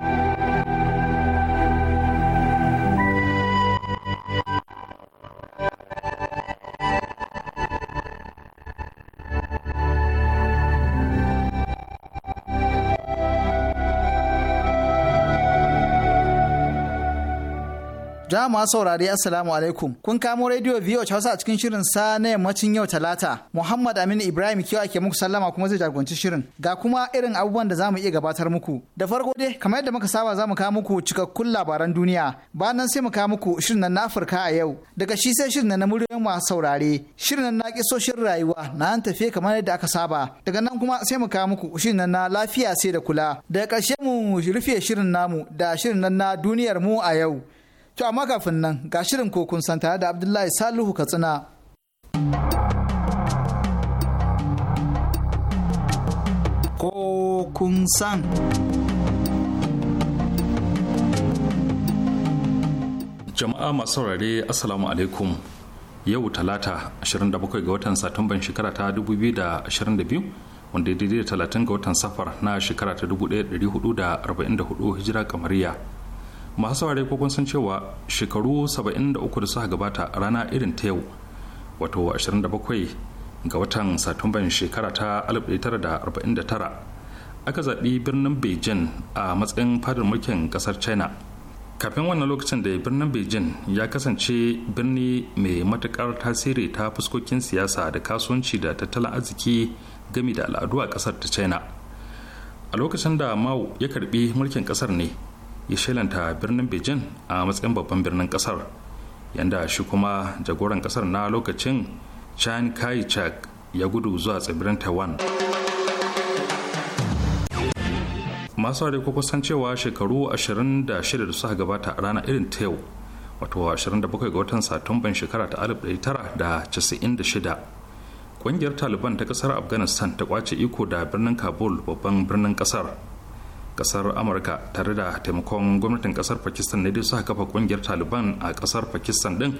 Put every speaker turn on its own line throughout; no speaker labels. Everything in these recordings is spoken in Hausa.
thank you
Za mu saurari Assalamu alaikum. Kun kamo rediyo VOH Hausa a cikin shirin sa na yammacin yau Talata. Muhammad Aminu Ibrahim kiyo ake muku sallama kuma zai jagoranci shirin. Ga kuma irin abubuwan da za mu iya gabatar muku. Da farko dai kamar yadda muka saba za mu kawo muku cikakkun labaran duniya. Bayan nan sai mu kawo muku shirin nan na Afirka a yau. Daga shi sai shirin na muryoyin masu saurare. Shirin nan na kisoshin rayuwa na an tafe kamar yadda aka saba. Daga nan kuma sai mu kawo muku shirin nan na lafiya sai da kula. Daga ƙarshe mu rufe shirin namu da shirin nan na duniyar mu a yau. To amma kafin nan ga shirin ko kun san tare da Abdullahi Salihu Katsina. Ko kun san.
Jama'a masu saurare Assalamu alaikum. Yau Talata 27 ga watan Satumban shekara ta 2022 wanda ya daidai da 30 ga watan safar na shekara ta 1444 hijira kamariya. masu saurare ko kun san cewa shekaru 73 da suka gabata rana irin ta yau wato 27 ga watan satumban shekara ta 1949 aka zaɓi birnin beijing a matsayin fadar mulkin ƙasar china kafin wannan lokacin da birnin beijing ya kasance birni mai matukar tasiri ta fuskokin siyasa da kasuwanci da tattalin arziki gami da al'adu a ƙasar ta china a lokacin da mao ya karbi mulkin ƙasar ne ya shelanta birnin beijing a matsayin babban birnin kasar yanda shi kuma jagoran kasar na lokacin chan kai chak ya gudu zuwa tsibirin taiwan masu ko kusan cewa shekaru 26 da suka gabata a ranar irin ta yau wato 27 ga watan satumban shekara ta 1996 kungiyar taliban ta kasar afghanistan ta kwace iko da birnin kabul babban birnin kasar kasar amurka tare da taimakon gwamnatin kasar pakistan ne dai suka kafa kungiyar taliban a kasar pakistan din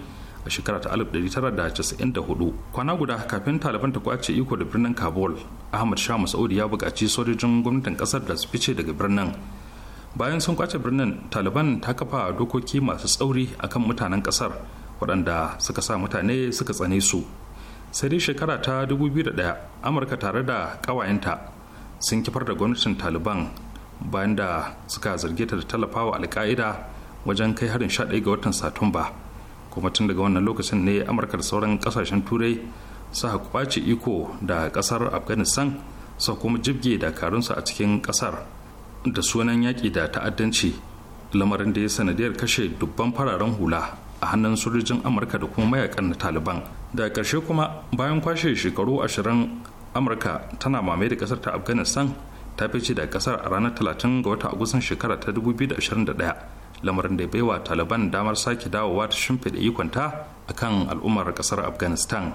a shekara ta 1994 kwana guda kafin taliban ta kwace iko da birnin kabul ahmad shah masaudi ya buƙaci sojojin gwamnatin kasar da su fice daga birnin bayan sun kwace birnin taliban ta kafa dokoki masu tsauri akan mutanen kasar waɗanda suka sa mutane suka tsane su sai dai shekara ta 2001 amurka tare da ƙawayenta sun kifar da gwamnatin taliban bayan da suka zarge ta da tallafawa alka'ida wajen kai harin 11 ga watan satumba kuma tun daga wannan lokacin ne amurka da sauran kasashen turai suka kwace iko da ƙasar afghanistan su kuma jibge dakarunsu a cikin ƙasar. da sunan yaƙi da ta'addanci lamarin da ya sanadiyar kashe dubban fararen hula a hannun sojojin amurka da kuma mayakan na taliban da ƙarshe kuma bayan kwashe shekaru ashirin amurka tana mamaye da ƙasar ta afghanistan ta fice da kasar a ranar 30 ga wata agusan shekara ta 2021 lamarin da baiwa taliban damar sake dawowa ta shimfiɗa ikonta kan al'ummar kasar afghanistan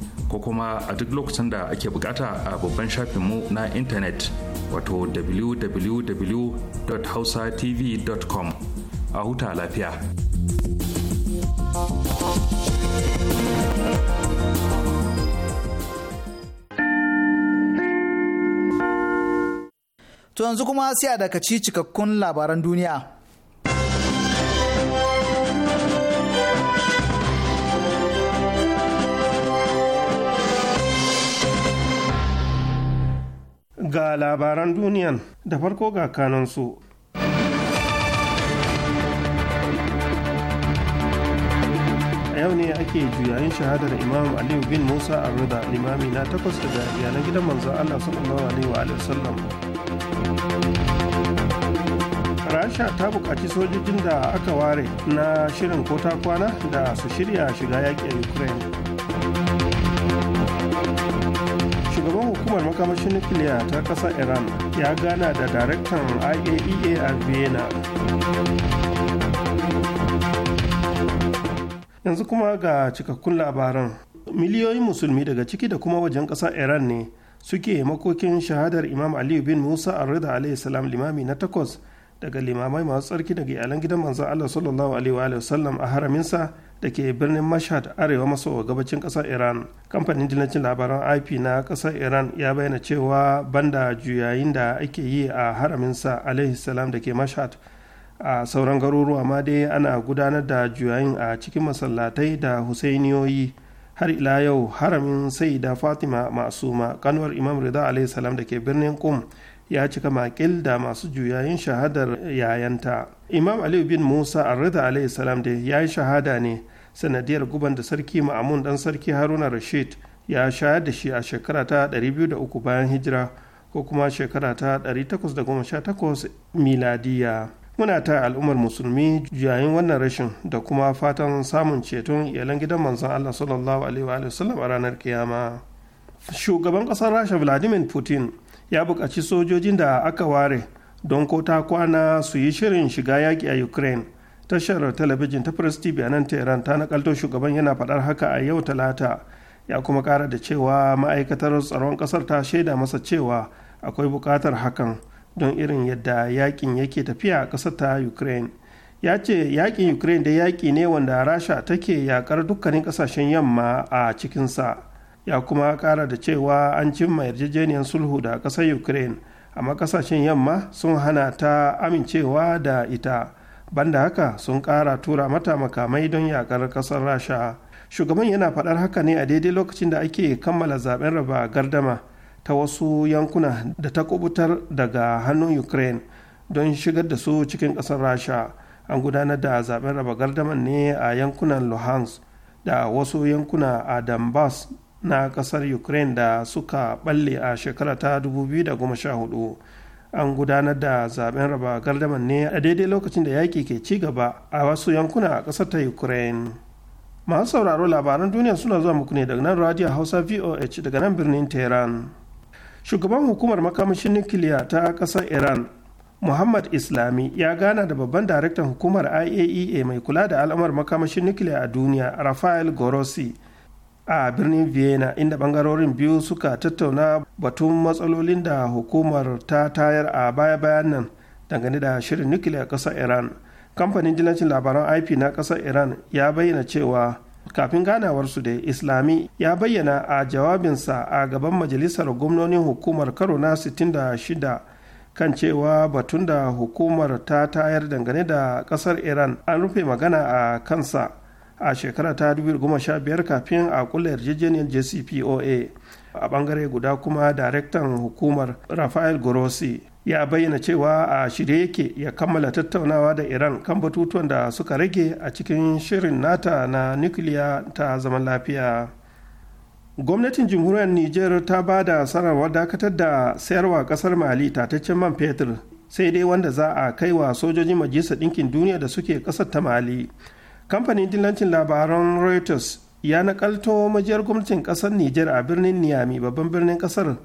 ko kuma a duk lokacin da ake bukata a babban shafinmu na intanet wato www.hausatv.com a huta lafiya.
To yanzu kuma sai a dakaci cikakkun labaran duniya.
ga labaran duniyan da farko ga kanansu. A yau ne ake juyayin shahadar Imam Aliyu bin Musa Arruda limami na takwas daga iyalan gidan manzon Allah sallallahu alaihi wa sallam. Rasha ta bukaci sojojin da aka ware na shirin ko ta kwana da su shirya shiga yaƙin Ukraine. makamashin nukiliya ta kasar iran ya gana da daraktan iaea e a vienna yanzu kuma ga cikakkun labaran miliyoyin musulmi daga ciki da kuma wajen ƙasar iran ne suke makokin shahadar imam aliyu bin musa arrida alaihi salam limami na takwas daga limamai masu tsarki daga iyalan gidan manzan allah sallallahu alaihi wa sallam a haraminsa da ke birnin mashhad arewa maso gabacin kasar iran kamfanin dillancin labaran ip na kasar iran ya bayyana cewa banda juyayin da ake yi a haraminsa alaihi salam da ke mashhad a sauran garuruwa ma dai ana gudanar da juyayin a cikin masallatai da husainiyoyi har ila yau haramin saida fatima masuma kanwar imam rida alaihi salam da ke birnin kum ya cika makil da masu juyayin shahadar yayanta imam aliyu bin musa arrida alaihi salam da ya yi shahada ne sanadiyar guban da sarki ma'amun dan sarki haruna rashid ya shayar da shi a shekara ta 203 bayan hijira ko kuma shekara ta 818 miladiya muna ta al'ummar musulmi yayin wannan rashin da kuma fatan samun ceton iyalan gidan manzon allah sallallahu alaihi wa a ranar kiyama shugaban kasar rasha vladimir putin ya bukaci sojojin da aka ware don ko ta kwana su yi shirin shiga yaƙi a ukraine tashar talabijin ta press tv a nan tehran ta nakalto shugaban yana faɗar haka a yau talata ya kuma ƙara da cewa ma'aikatar tsaron ƙasar ta shaida masa cewa akwai buƙatar hakan don irin yadda yakin yake tafiya a ƙasar ta ukraine ya ce yakin ukraine da yaki ne wanda rasha take yakar dukkanin ƙasashen yamma a cikinsa ya kuma ƙara da cewa an cimma yarjejeniyar sulhu da ƙasar ukraine amma ƙasashen yamma sun hana ta amincewa da ita banda haka sun kara tura mata makamai don yakar ƙasar rasha shugaban yana faɗar haka ne a daidai lokacin da ake kammala zaben raba gardama ta wasu yankuna da ta kubutar daga hannun ukraine don shigar da su cikin ƙasar rasha an gudanar da zaben raba gardaman ne a yankunan luhansk da wasu yankuna a donbass na ƙasar ukraine da suka balle a shekara ta 2014 an gudanar da zaben raba gardaman ne a daidai lokacin da yaƙi ke ci gaba a wasu yankuna a ƙasar ta ukraine masu sauraro labaran duniya suna zuwa muku ne daga nan radio hausa voh daga nan birnin tehran shugaban hukumar makamashin nukiliya ta ƙasar iran muhammad islami ya gana da babban daraktan hukumar iaea e mai kula da al'amar makamashin nukiliya a duniya rafael gorosi a birnin vienna inda bangarorin biyu suka tattauna batun matsalolin da hukumar ta tayar a baya-bayan nan dangane da shirin nukiliya ƙasar iran kamfanin jilancin labaran ip na ƙasar iran ya bayyana cewa kafin ganawarsu da islami ya bayyana a jawabinsa a gaban majalisar gwamnonin hukumar karo na 66 kan cewa batun da hukumar ta tayar dangane da kasar iran an rufe magana a kansa a shekara ta 2015 kafin a kula yarjejeniyar jcpoa a bangare guda kuma daraktan hukumar rafael grossi ya bayyana cewa a shirye yake ya kammala tattaunawa da iran kan batutuwan da suka rage a cikin shirin nata na nukiliya ta zaman lafiya gwamnatin jamhuriyar niger ta ba da sanarwar dakatar da sayarwa kasar mali tataccen man fetur sai dai wanda za a kai wa sojojin majalisar ɗinkin duniya da suke ƙasar ta mali kamfanin dillancin labaran reuters ya nakalto majiyar gwamnatin kasar niger a birnin niyami babban birnin kasar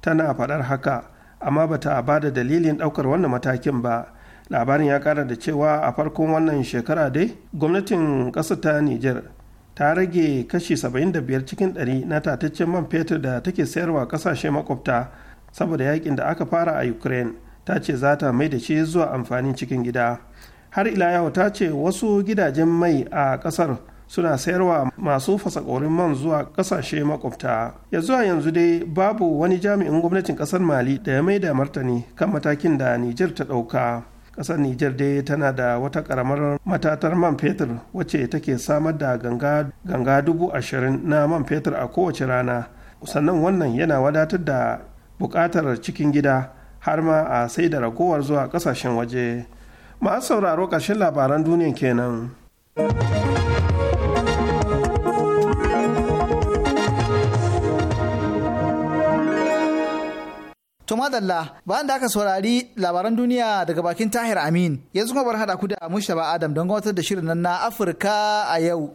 tana faɗar haka amma bata ba da dalilin ɗaukar wannan matakin ba labarin ya kara da cewa a farkon wannan shekara dai gwamnatin ƙasar ta niger ta rage kashi 75 cikin 100 na tataccen man fetur da take sayarwa kasashe makwabta saboda yakin da aka fara a ukraine ta ce za ta mai da shi zuwa amfanin cikin gida har ila yau ta ce wasu gidajen mai a kasar suna sayarwa masu fasakorin man zuwa ƙasashe makwabta ya zuwa yanzu dai babu wani jami'in gwamnatin ƙasar mali da ya mai da martani kan matakin da nijar ta ɗauka ƙasar Nijar dai tana da wata ƙaramar matatar man fetur wacce take samar da ganga, dubu ashirin na man fetur a kowace rana sannan wannan yana wadatar da buƙatar cikin gida har ma a sai da ragowar zuwa ƙasashen waje masu sauraro ƙarshen labaran duniya kenan.
To madalla bayan da aka saurari labaran duniya daga bakin Tahir Amin yanzu kuma bar hada ku da Mustapha Adam don gabatar da shirin nan na Afirka a yau.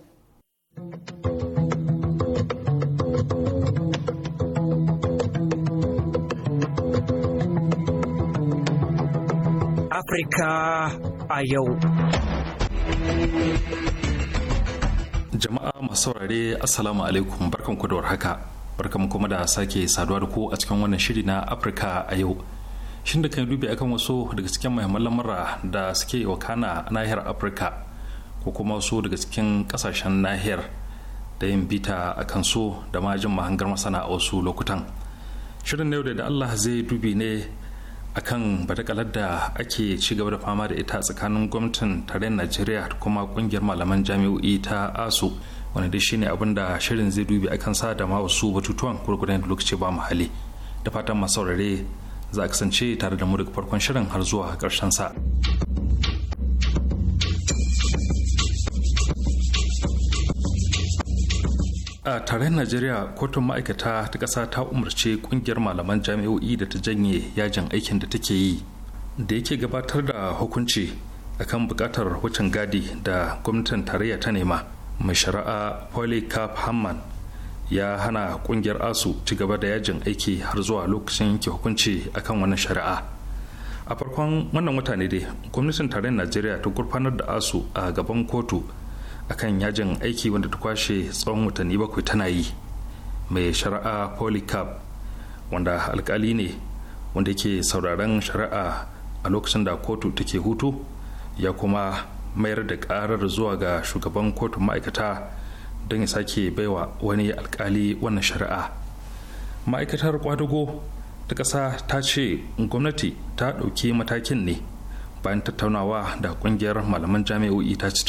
Afirka a yau.
Jama'a masu saurare Assalamu alaikum barkanku da warhaka. Barkan kuma da sake saduwa da ku a cikin wannan shiri na Afirka a yau. Shin da kan dubi akan wasu daga cikin muhimman lamura da suke wakana a nahiyar Afirka ko kuma wasu daga cikin kasashen nahiyar da yin bita a su da majin mahangar masana a wasu lokutan. Shirin na yau da Allah zai dubi ne akan batakalar da ake ci gaba da fama da ita tsakanin gwamnatin tarayyar najeriya da kuma kungiyar malaman jami'o'i ta asu wani dai shine abin da shirin zai dubi akan sa da ma wasu batutuwan gurgudan da lokaci ba mu hali da fatan masu za a kasance tare da mu daga farkon shirin har zuwa karshen sa. a tarayyar najeriya kotun ma'aikata ta ƙasa ta umarci ƙungiyar malaman jami'o'i da ta janye yajin aikin da take yi da yake gabatar da hukunci akan buƙatar wucin gadi da gwamnatin tarayya ta nema mai shari'a polycarp hamman ya hana ƙungiyar asu ci gaba da yajin aiki har zuwa lokacin yanke hukunci akan wannan shari'a a farkon wannan mutane ne dai gwamnatin tarayyar najeriya ta gurfanar da asu a gaban kotu akan yajin aiki wanda ta kwashe tsawon watanni bakwai tana yi mai shari'a polycarp wanda alkali ne wanda yake sauraron shari'a a lokacin da kotu take hutu ya kuma mayar da karar zuwa ga shugaban kotun ma'aikata don ya sake baiwa wani alkali wannan shari'a ma'aikatar ƙwadago ta ƙasa ta ce gwamnati ta ɗauki matakin ne bayan tattaunawa da ƙungiyar malaman jami'o'i ta ci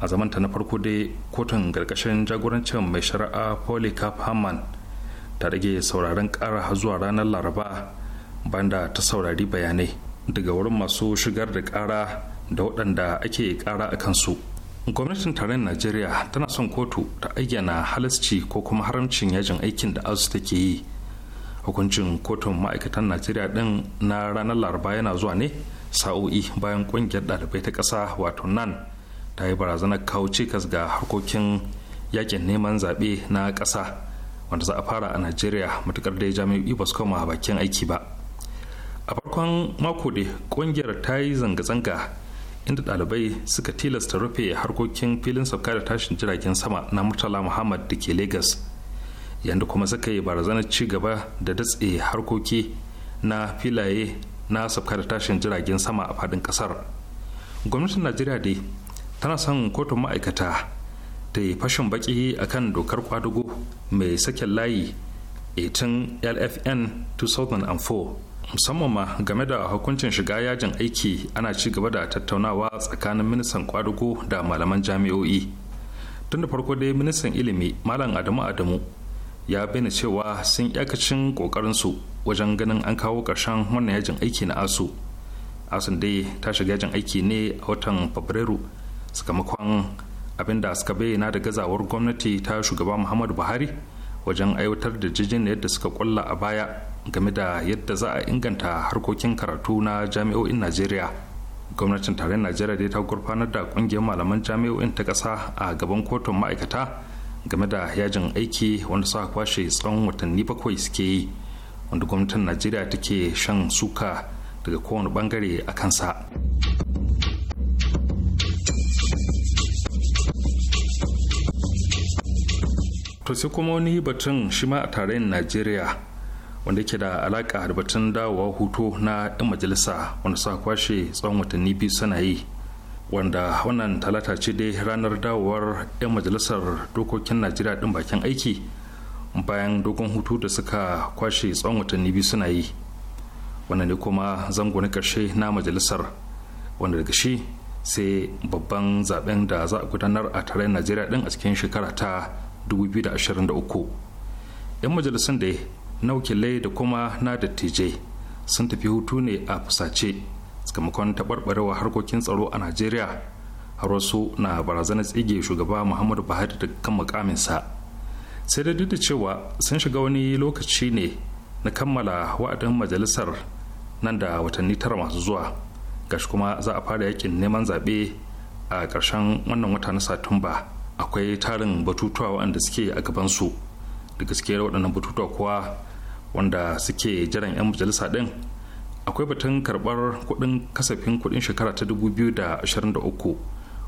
a zamanta na farko dai kotun karkashin jagorancin mai shari'a polycarp hamman ta rage sauraron kara zuwa ranar laraba da ta saurari bayanai daga wurin masu shigar da kara da waɗanda ake kara a kansu gwamnatin tarayyar najeriya tana son kotu ta ayyana halasci ko kuma haramcin yajin aikin da azu take yi hukuncin kotun ma'aikatan najeriya din na ranar laraba yana zuwa ne sa'o'i bayan ƙungiyar ɗalibai ta ƙasa wato nan ta yi barazanar kawo cikas ga harkokin yakin neman zaɓe na ƙasa wanda za a fara a najeriya matukar dai jami'o'i ba su koma bakin aiki ba a farkon mako da ƙungiyar ta yi zanga-zanga inda ɗalibai suka tilasta rufe harkokin filin sauka da tashin jiragen sama na murtala muhammad da ke lagos yadda kuma suka yi barazanar ci gaba da datse harkoki na filaye na sauka da tashin jiragen sama a faɗin ƙasar gwamnatin najeriya dai tana son kotun ma'aikata ta yi fashin baki akan dokar kwadugo mai saken layi 18 lfn 2004 musamman ma game da hukuncin shiga yajin aiki ana ci gaba da tattaunawa tsakanin ministan kwadugo da malaman jami'o'i tun da farko dai ministan ilimi malam adamu adamu ya bayyana cewa sun yakacin kokarinsu wajen ganin an kawo ƙarshen wannan yajin aiki na asu asun dai ta shiga yajin aiki ne a watan fabrairu sakamakon abin da suka bayyana da gazawar gwamnati ta shugaba muhammadu buhari wajen aiwatar da jijin yadda suka kulla a baya game da yadda za a inganta harkokin karatu na jami'o'in najeriya gwamnatin tarayyar najeriya dai ta gurfanar da kungiyar malaman jami'o'in ta ƙasa a gaban kotun ma'aikata game da yajin aiki wanda suka kwashe tsawon watanni bakwai suke yi wanda gwamnatin najeriya take shan suka daga kowane bangare a kansa to sai kuma wani batun shi ma a tarayyar najeriya wanda ke da alaka da batun dawowa hutu na 'yan majalisa wanda sa kwashe tsawon watanni biyu sana yi wanda wannan talata ce dai ranar dawowar 'yan majalisar dokokin najeriya din bakin aiki bayan dogon hutu da suka kwashe tsawon watanni biyu suna yi wanda ne kuma zango na karshe na majalisar wanda daga shi sai babban zaben da za a gudanar a tarayyar najeriya din a cikin shekara ta 2023 'yan majalisun da na wakilai da kuma na dattijai sun tafi hutu ne a fusace sakamakon taɓarɓarewa harkokin tsaro a najeriya har wasu na barazanar tsige shugaba muhammadu buhari da kan mukaminsa sai da duk da cewa sun shiga wani lokaci ne na kammala wa'adin majalisar nan da watanni tara masu zuwa gashi kuma za a fara yakin neman zaɓe a ƙarshen wannan wata na satumba akwai tarin batutuwa waɗanda suke a gabansu da gaske waɗannan batutuwa kuwa wanda suke jiran 'yan majalisa ɗin akwai batun karɓar kuɗin kasafin kuɗin shekara ta 2023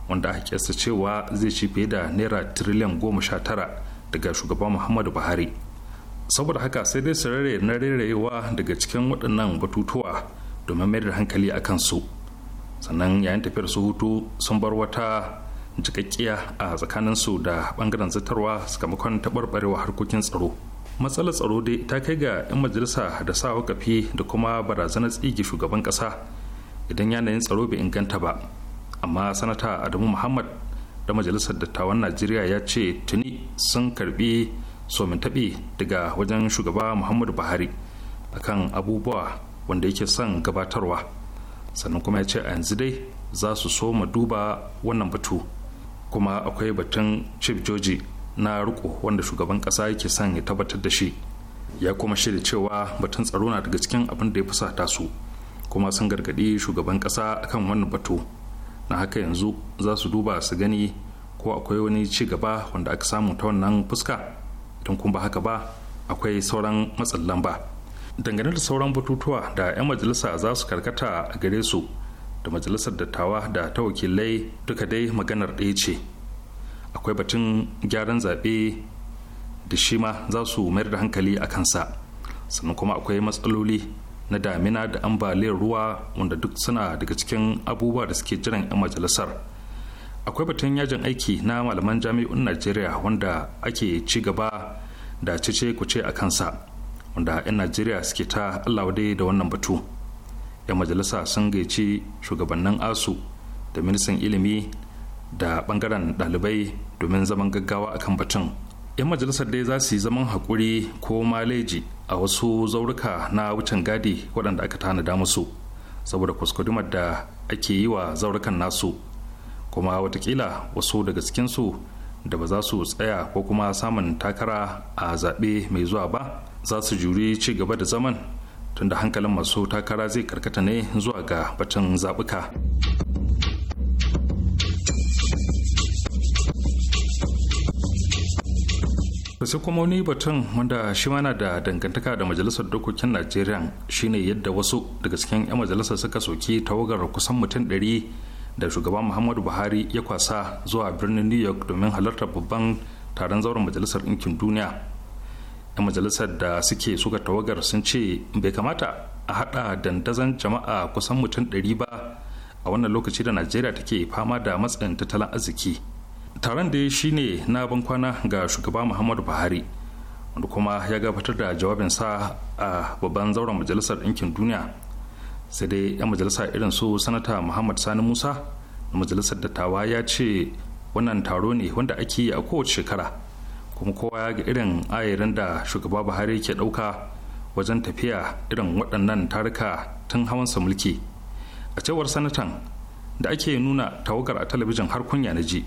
wanda aka kyasta cewa zai ci fiye da naira tiriliyan goma sha tara daga shugaban muhammadu buhari saboda haka sai dai su na rairayewa daga cikin waɗannan batutuwa domin mayar da hankali a kansu sannan yayin tafiyar su hutu sun bar wata jikakkiya a tsakanin su da bangaren zatarwa sakamakon taɓarɓarewa harkokin tsaro matsalar tsaro dai ta kai ga 'yan majalisa da sa kafi da kuma barazanar tsigi shugaban ƙasa idan yanayin tsaro bai inganta ba amma sanata adamu muhammad da majalisar dattawan najeriya ya ce tuni sun karbi somin taɓe daga wajen shugaba muhammadu buhari akan abubuwa wanda yake son gabatarwa sannan kuma ya ce a yanzu dai za su so mu duba wannan batu. kuma akwai batun chief joji na riko wanda shugaban kasa yake son ya tabbatar da shi ya kuma shirya cewa batun tsaro na daga cikin abin da ya fusata su kuma sun gargadi shugaban kasa akan wannan batu na haka yanzu za su duba su gani ko akwai wani ci gaba wanda aka samu ta wannan fuska tun kuma ba haka ba akwai sauran matsin lamba dangane da sauran batutuwa da 'yan majalisa za su karkata a gare su da majalisar dattawa da ta wakilai duka dai maganar ɗaya ce akwai batun gyaran zaɓe da shi ma za su mayar da hankali a kansa sannan kuma akwai matsaloli na damina da ambaliyar ruwa wanda duk suna daga cikin abubuwa da suke jiran 'yan majalisar akwai batun yajin aiki na malaman jami'un najeriya wanda ake ci gaba da cece kuce a kansa wanda 'yan najeriya suke ta allah da wannan batu. 'yan majalisa sun gaici shugabannin asu da ministan ilimi da bangaren ɗalibai domin zaman gaggawa akan batun 'yan majalisar dai za su yi zaman hakuri ko maleji a wasu zauruka na wucin gadi waɗanda aka tanada musu saboda kuskudumar da ake yi wa zaurukan nasu kuma watakila wasu daga cikinsu da ba za su tsaya ko kuma samun takara a zaɓe mai zuwa ba za su juri ci gaba da zaman tunda hankalin masu takara zai karkata ne zuwa ga batun zaɓuka. sai kuma wani batun wanda shi mana da dangantaka da majalisar dokokin najeriya shine yadda wasu daga cikin 'yan majalisar suka soki tawagar kusan mutum 100 da shugaban muhammadu buhari ya kwasa zuwa birnin new york domin halartar babban taron zauren majalisar ɗinkin duniya 'yan majalisar da suke suka tawagar sun ce bai kamata a hada dandazon jama'a kusan mutum ɗari ba a wannan lokaci da najeriya take fama da matsayin tattalin arziki taron da shi ne na kwana ga shugaba muhammadu buhari wanda kuma ya gabatar da jawabinsa a babban zauren majalisar ɗinkin duniya sai dai 'yan majalisa irin su sanata muhammad sani musa na majalisar dattawa ya ce wannan taro ne wanda ake yi a kowace shekara kuma kowa ya ga irin ayarin da shugaba buhari ke ɗauka wajen tafiya irin waɗannan taruka tun hawansa mulki a cewar sanatan da ake nuna tawagar a talabijin har kunya na ji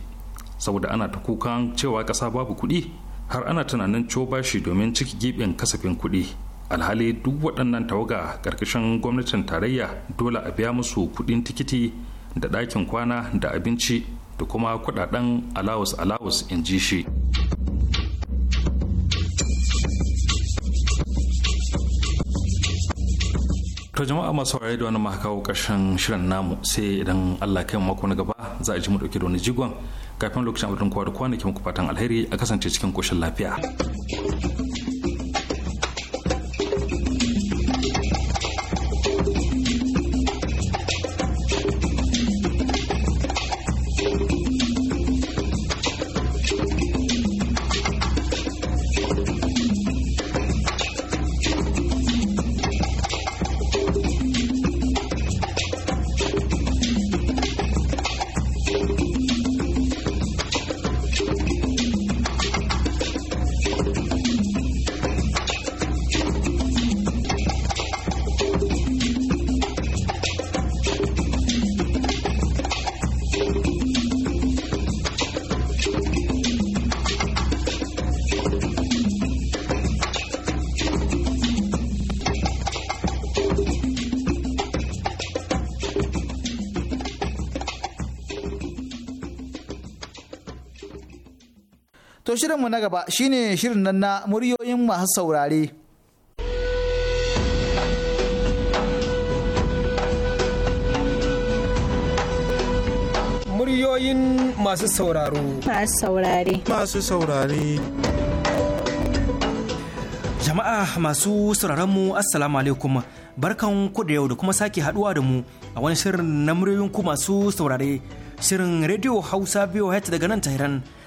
saboda ana ta kukan cewa ƙasa babu kuɗi har ana tunanin co bashi domin ciki gibin kasafin kuɗi alhali duk waɗannan tawaga ƙarƙashin gwamnatin tarayya dole a biya musu kuɗin tikiti da ɗakin kwana da abinci da kuma kuɗaɗen alawus alawus in ji shi. to jama'a masu hawaye da wani ma kawo ƙarshen shirin namu sai idan allah kai mako na gaba za a ji mu dauke da wani jigon kafin lokacin abin kowa da kwanaki muku fatan alheri a kasance cikin koshin lafiya.
To shirinmu na gaba shine shirin nan na muryoyin masu saurare.
Muryoyin masu sauraro.
Masu saurare. Masu saurare.
Jama'a masu sauraronmu Assalamu alaikum. Barkan ku da yau da kuma sake haduwa da mu a wani shirin na muryoyin ku masu saurare. Shirin Radio Hausa biyu daga nan Tehran.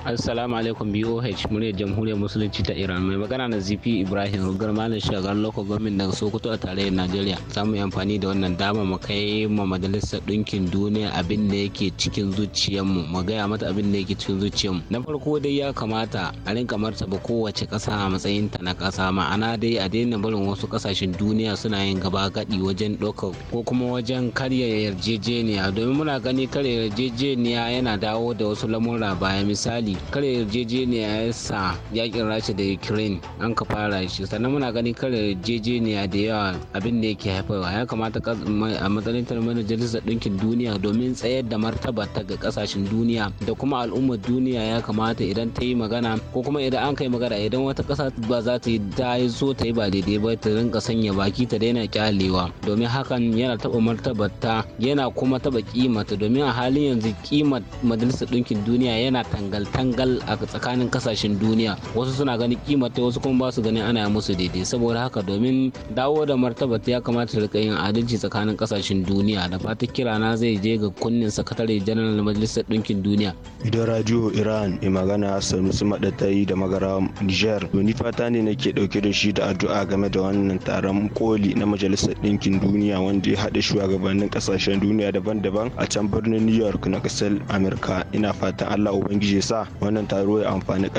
Assalamu alaikum BOH muryar Jamhuriyar Musulunci ta Iran mai magana na ZP Ibrahim Rugar Malam Shagar Loko Gwamnati daga Sokoto a tarayyar Najeriya. Za mu yi amfani da wannan dama mu kai ma Majalisar Ɗinkin Duniya abin da yake cikin zuciyarmu mu gaya mata abin da yake cikin zuciyarmu. Na farko dai ya kamata a rinka martaba kowace ƙasa a matsayin ta na ƙasa ma'ana dai a daina barin wasu ƙasashen duniya suna yin gaba gaɗi wajen ɗaukar ko kuma wajen karya yarjejeniya domin muna gani karya yarjejeniya yana dawo da wasu lamura baya misali kar kare yarjejeniya ya sa yakin rasha da ukraine an ka fara shi sannan muna gani kare yarjejeniya da yawa abin da yake haifarwa ya kamata a matsayin majalisar ɗinkin duniya domin tsayar da martaba ta ga kasashen duniya da kuma al'ummar duniya ya kamata idan ta yi magana ko kuma idan an kai magana idan wata kasa ba za ta yi ta yi so ta yi ba daidai ba ta rinka sanya baki ta daina kyalewa domin hakan yana taba martabar ta yana kuma taba kimata domin a halin yanzu kimar majalisar ɗinkin duniya yana tangalta tangal a tsakanin kasashen duniya wasu suna ganin kimata wasu kuma ba su ganin ana musu daidai saboda haka domin dawo da martaba ta ya kamata ta rika yin adalci tsakanin kasashen duniya da fata na zai je ga kunnin sakatare janar majalisar ɗinkin duniya
idan radio iran mai magana su maɗatai da magara niger ni fata ne nake dauke da shi da addu'a game da wannan taron koli na majalisar ɗinkin duniya wanda ya haɗa shugabannin kasashen duniya daban-daban a can birnin new york na ƙasar amurka ina fatan allah ubangiji ya sa wannan taro ya amfani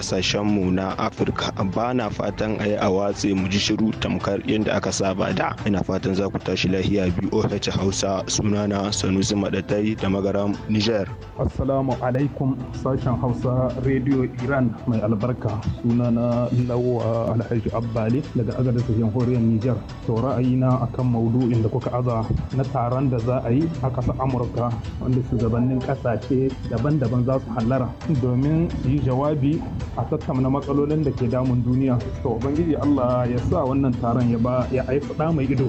mu na afirka ba na fatan a yi a watse mu ji shiru tamkar yadda aka saba da ina fatan za ku tashi lahiya boh hausa sunana sanusi madatai da magaram niger assalamu alaikum
sashen hausa radio iran mai albarka sunana lawa alhaji abbali daga agadar horiyar niger to ra'ayina akan maudu'in da kuka aza na taron da za a yi a kasar amurka wanda shugabannin ƙasashe daban-daban za su hallara domin yi jawabi a tattauna matsalolin da ke damun duniya to ubangiji allah ya sa wannan taron ya ba ya haifi da mai ido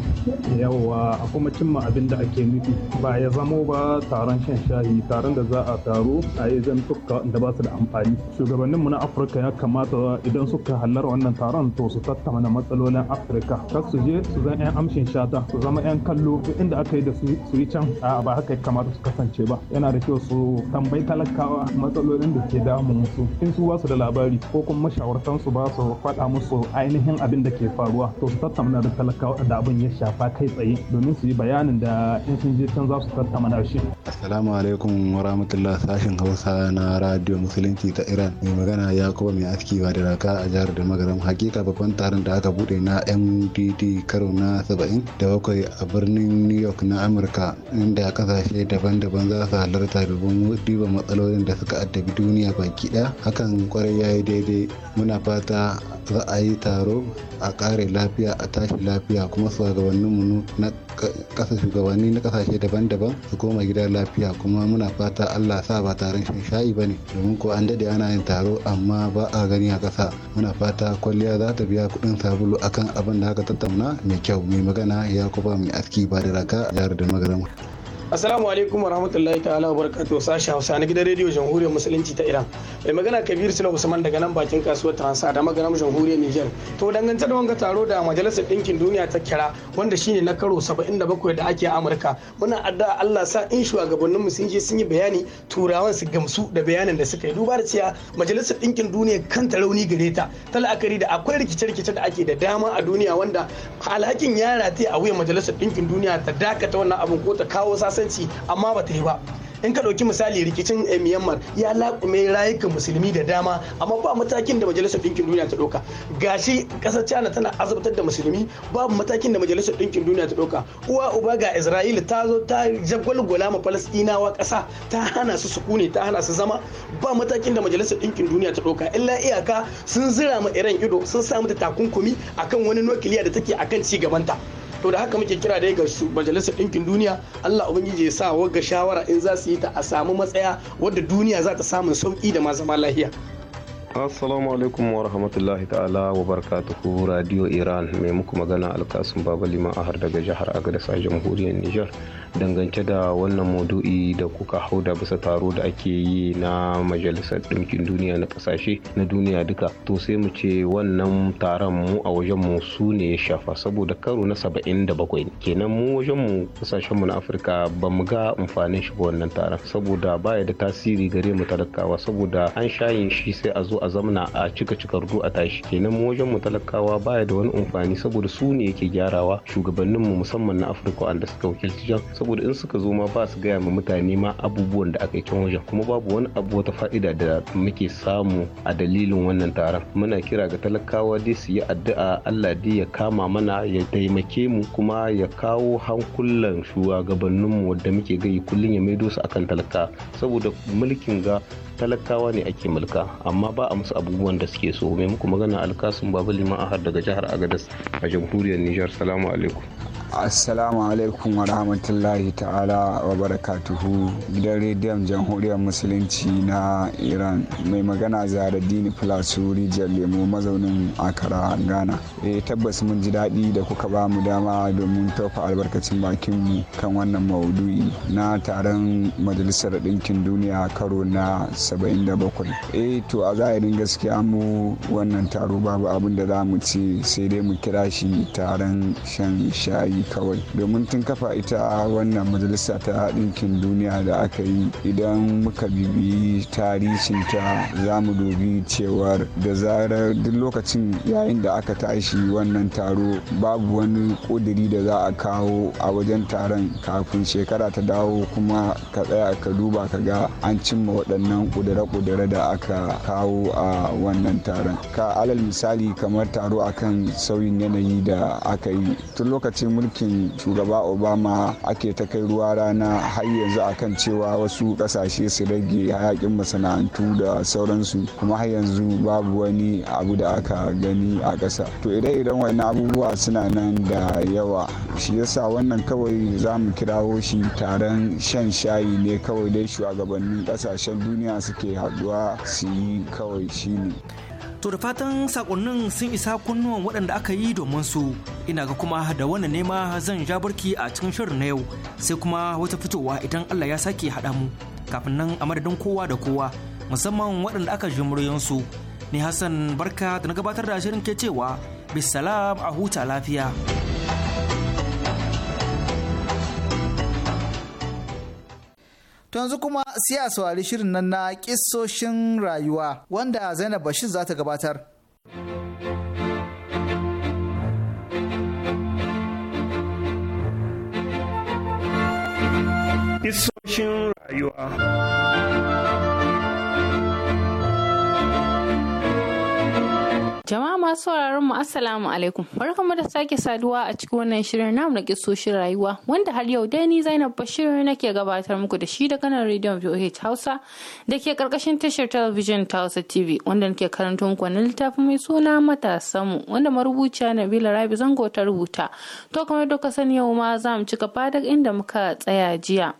yawa a kuma cimma abin da ake nufi ba ya zamo ba taron shan shayi taron da za a taro a yi zantuka da ba su da amfani shugabannin mu na afirka ya kamata idan suka hallar wannan taron to su tattauna matsalolin afirka kar su je su zan 'yan amshin shata su zama 'yan kallo duk inda aka yi da su su yi can a ba haka ya kamata su kasance ba yana da kyau su tambayi talakawa matsalolin da ke da samun musu in su ba su da labari ko kuma mashawartan su ba su faɗa musu ainihin abin da ke faruwa to su tattauna da talakawa da abin ya shafa kai tsaye domin su yi bayanin da in sun je can za su tattauna shi
assalamu alaikum wa rahmatullah sashin hausa na radio musulunci ta iran mai magana ya kuma mai aski ba da raka a jihar da magaram hakika babban taron da aka bude na mdd karo na 70 da bakwai a birnin new york na amurka inda kasashe daban-daban za su halarta domin diba matsalolin da suka addabi duniya baki kiɗa hakan kwarai ya yi daidai muna fata za a yi taro a ƙare lafiya a tashi lafiya kuma mu na ƙasa shugabanni na ƙasashe daban-daban su koma gida lafiya kuma muna fata allah sa ba taron shan shayi ba ne domin ko an daɗe ana yin taro amma ba a gani a ƙasa muna fata kwalliya za ta biya kuɗin sabulu akan abin da aka tattauna mai kyau mai magana ya kuma mai aski ba da raka jihar da magana
Assalamu alaikum warahmatullahi ta'ala wa barakatuh sashi Hausa na gidan rediyo Jamhuriyar Musulunci ta Iran. Mai magana Kabir Sula Usman daga nan bakin kasuwar Transa da maganar Jamhuriyar Niger. To dangantar da wanga taro da Majalisar Dinkin Duniya ta kira wanda shine na karo 77 da ake a Amurka. Muna addu'a Allah sa in shugabanninmu sun je sun yi bayani turawan su gamsu da bayanin da suka yi duba da cewa Majalisar Dinkin Duniya kanta rauni gare ta. Ta la'akari da akwai rikice-rikice da ake da dama a duniya wanda alhakin ya rataye a wuyan Majalisar Dinkin Duniya ta dakata wannan abin ko ta kawo sasa ta'addansanci amma ba ta yi ba in ka ɗauki misali rikicin eh, myanmar ya laƙume rayukan musulmi da dama amma ba matakin da majalisar ɗinkin duniya ta ɗauka gashi ƙasar china tana azabtar da musulmi babu matakin da majalisar ɗinkin duniya ta ɗauka uwa uba ga isra'ila ta zo ta jagwalgwala ma falastinawa ƙasa ta hana su sukuni ta hana su zama ba matakin da majalisar ɗinkin duniya ta ɗauka illa iyaka sun zira ma iran ido sun samu ta takunkumi akan wani nukiliya da take akan ci gabanta to da haka muke kira dai ga majalisar ɗinkin duniya Allah ubangiji ya sa wagga shawara in za su yi ta a samu matsaya wadda duniya za ta samun sauki da ma zama lahiya
assalamu alaikum wa rahmatullahi ta'ala wa barkatuhu radio iran mai muku magana alkasun babali ma'ahar daga jihar agadas a jamhuriyar nijar dangance da wannan maudu'i da kuka hau da bisa taro da ake yi na majalisar ɗinkin duniya na ƙasashe na duniya duka to sai mu ce wannan taron mu a wajen mu su ne ya shafa saboda karo na saba'in da bakwai kenan mu wajen mu ƙasashen mu na afirka ba mu ga amfanin shi wannan taron saboda baya da tasiri gare mu talakawa saboda an shayin shi sai a zo a zamna a cika rugu a tashi kenan mu wajen mu talakawa baya da wani amfani saboda su ne yake gyarawa shugabannin mu musamman na afirka wanda suka wakilci can saboda in suka zo ma ba su gaya ma mutane ma abubuwan da aka yi can wajen kuma babu wani abu wata fa'ida da muke samu a dalilin wannan taron muna kira ga talakawa dai su yi addu'a Allah dai ya kama mana ya taimake mu kuma ya kawo hankulan shugabanninmu wadda muke gayi kullun ya maido su akan talaka saboda mulkin ga talakawa ne ake mulka amma ba a musu abubuwan da suke so mai muku magana alkasun babu liman ahar daga jihar
agadas a jamhuriyar nijar salamu alaikum assalamu alaikum wa rahmatullahi ta'ala wa barakatuhu gidan rediyon jamhuriyar musulunci na iran mai magana zaradini filasu rijiyar lemo mazaunin akara ghana e tabbas mun ji daɗi da kuka ba mu dama domin tofa albarkacin bakin mu kan wannan maudu'i na taron majalisar ɗinkin duniya karo na 77 e eh, to a zahirin gaskiya mu wannan taro babu abin da za mu ci sai dai mu kira shi taron shan shayi kawai domin tun kafa ita wannan majalisa ta ɗinkin duniya da aka yi idan muka bibi tarihinta za mu dubi cewar da zarar duk lokacin yayin da aka tashi wannan taro babu wani ƙudiri da za a kawo a wajen taron kafin shekara ta dawo kuma ka tsaya ka duba ka ga an cimma waɗannan ƙudire-ƙudire da aka kawo a wannan taron ka alal misali kamar taro akan sauyin yanayi da aka yi tun lokacin mulki mulkin shugaba obama ake ta kai ruwa rana har yanzu akan cewa wasu kasashe su rage hayakin masana'antu da sauransu kuma har yanzu babu wani abu da aka gani a ƙasa to idan idan wannan abubuwa suna nan da yawa shi yasa wannan kawai za mu kirawo shi taron shan shayi ne kawai dai shugabannin ƙasashen duniya suke haɗuwa su yi kawai shi ne.
To da fatan sakonnin sun isa kunnuwan waɗanda aka yi domin su ina ga kuma da wani nema zan ja barki a cikin shirin na yau sai kuma wata fitowa idan Allah ya sake haɗa mu kafin nan a madadin kowa da kowa musamman waɗanda aka ji muryansu ni Hassan barka da na gabatar da shirin ke cewa bisalam a huta lafiya.
To yanzu kuma siya a saurari shirin nan na kissoshin rayuwa wanda Zainab Bashir za ta gabatar.
Kissoshin rayuwa.
Jama'a masu sauraron mu Assalamu alaikum. mu da sake saduwa a cikin wannan shirin namu na kisoshin rayuwa wanda har yau dai ni Zainab Bashir nake gabatar muku da shi da nan rediyon VOH Hausa da ke karkashin tashar talabijin ta Hausa TV wanda nake karanto muku wannan littafi mai suna matasan mu wanda marubuciya Nabila Rabi Zango ta rubuta. To kamar yadda ka sani yau ma za mu ci gaba da inda muka tsaya jiya.